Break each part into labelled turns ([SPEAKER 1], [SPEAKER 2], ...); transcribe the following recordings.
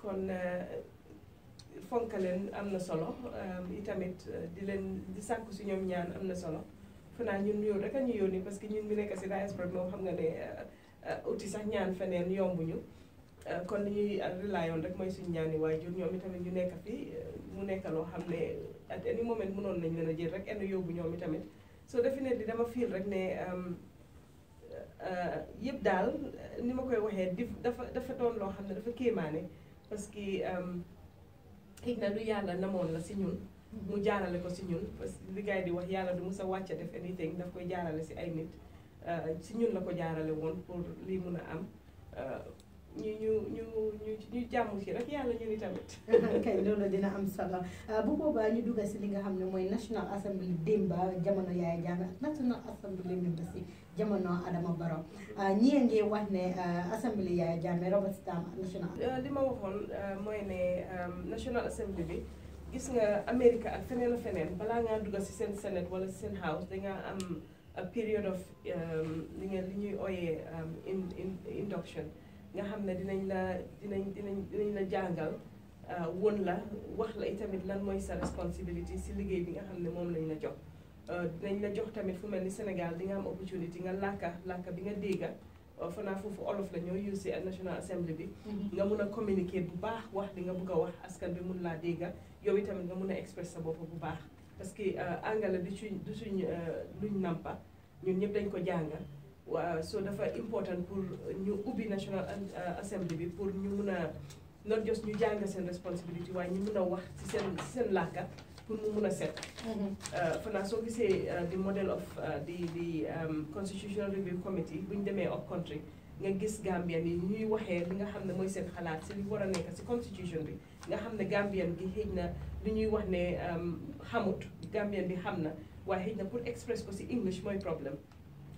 [SPEAKER 1] kon euh, fonk leen am na solo euh, tamit euh, di leen di sàkku si ñoom ñaan am na solo fanaa ñun yow rek a ñu yónni parce que ñun bi nekk si diaspora moom xam nga ne uti sax ñaan feneen ñu kon li ñuy relaayoon rek mooy suñ ñaani waajur ñoom itamit ñu nekk fi mu nekk loo xam ne at any moment mënoon nañ leen a jël rek enn yóbbu ñoom itamit so definitely dama fiil rek ne Euh, yëpp daal ni ma koy waxee di dafa dafa doon loo xam ne dafa kéemaane parce que euh, xëy na lu yàlla namoon la si ñun mu jaarale ko si ñun parce que li gars yi di wax yàlla du mës sa wàcce def anything daf koy jaarale si ay nit euh, si ñun la ko jaarale woon pour lii mun a am ñu jàmm ci rek yàlla ñu ni tamit. kay loolu dina am solo euh, bu boobaa ñu dugg si li nga xam ne mooy National Assembly démba jamono yaay Jammeh ak National Assembly démba si jamono Adama Barrow euh, ñii ngi wax ne euh, Assembly Yaya Jammeh Robert Stam national. li ma waxoon mooy ne National Assembly bi. gis nga Amérique ak feneen a feneen balaa ngaa dugal si seen Senate wala si seen House dangaa am a period of li nga li ñuy ooyee induction nga xam ne dinañ la dinañ dinañ dinañ la jàngal euh, woon la wax la itamit lan mooy sa responsibility si liggéey bi nga xam ne moom lañ la jox euh, dinañ la jox tamit fu mel ni Sénégal di nga am opportunity nga làkka làkka bi nga dégga euh, fanaa foofu olof la ñoo use National Assembly bi mm-hmm. nga mun a communiquer bu baax wax li nga bëgg a wax askan bi mun laa dégga yow itamit nga mun a express sa bopp bu baax parce que angale du suñ du suñ luñ nàmpa ñun ñëpp dañ ko jàngal So so dafa important pour ñu ubbi national euh, assembly bi pour ñu mun a not just ñu jàng seen responsibility waaye ñu mun a wax ci seen ci seen làkka pour mu mun a set mm-hmm. euh, fanaa soo gisee euh, the model of the the um, constitutional review committee bu ñu demee up country nga gis Gambien yi ñuy waxee li nga xam ne mooy seen xalaat si li war a nekk si constitution bi nga xam ne Gambien gi xëy na li ñuy wax ne um, xamut Gambien bi xam na waaye xëy na pour express ko si English mooy problème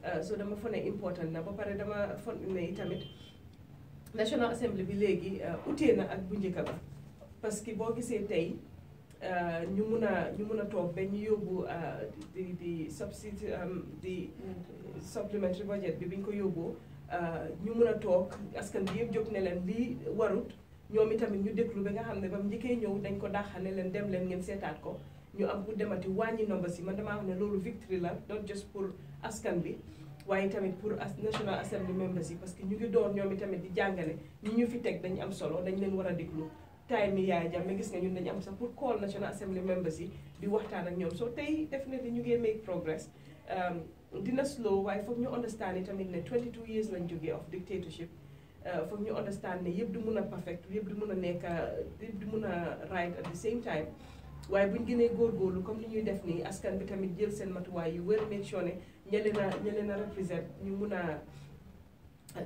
[SPEAKER 1] Eh, so dama fone important na ba pare dama fone ne tamit National Assembly bi léegi eh, utee na ak bu njëkk ba parce que boo gisee tay eh, ñu mun a ñu mun a toog ba ñu yóbbu di di um di supplementary budget bi biñ ko yobbu ñu mun a toog askan bi yëp jox ne leen lii warut ñoom itamit ñu déglu ba nga xam ne bam njëkkee ñëw dañ ko dàqane leen dem leen ngeen seetaat ko. ñu am bu demati wàññi nomba si man damaa wax ne loolu victory la not just pour askan bi waaye tamit pour national assembly members yi parce que ñu ngi door ñoom tamit di jàngale ñi ñu fi teg dañu am solo dañ leen war a déglu time yi yaay jàmm gis nga ñun dañu am sax pour call national assembly members yi di waxtaan ak ñoom soo tey definitely ñu ngi make progress um, dina slow waaye foog ñu understand yi tamit ne 22 years lañ jógee of dictatorship uh, foog ñu understand ne yëpp du mun perfect yëpp du mun a nekk du mun right at the same time waaye buñ gënee góorgóorlu comme li ñuy def nii askan bi tamit jël seen matuwaay yu wër make sure ne ña leen a ña ñu mun a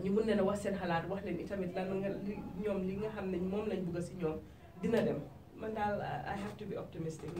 [SPEAKER 1] ñu mun leen a wax seen xalaat wax leen itamit lan nga li ñoom li nga xam ne moom lañ bëgg si ñoom dina dem man daal I have to be optimistic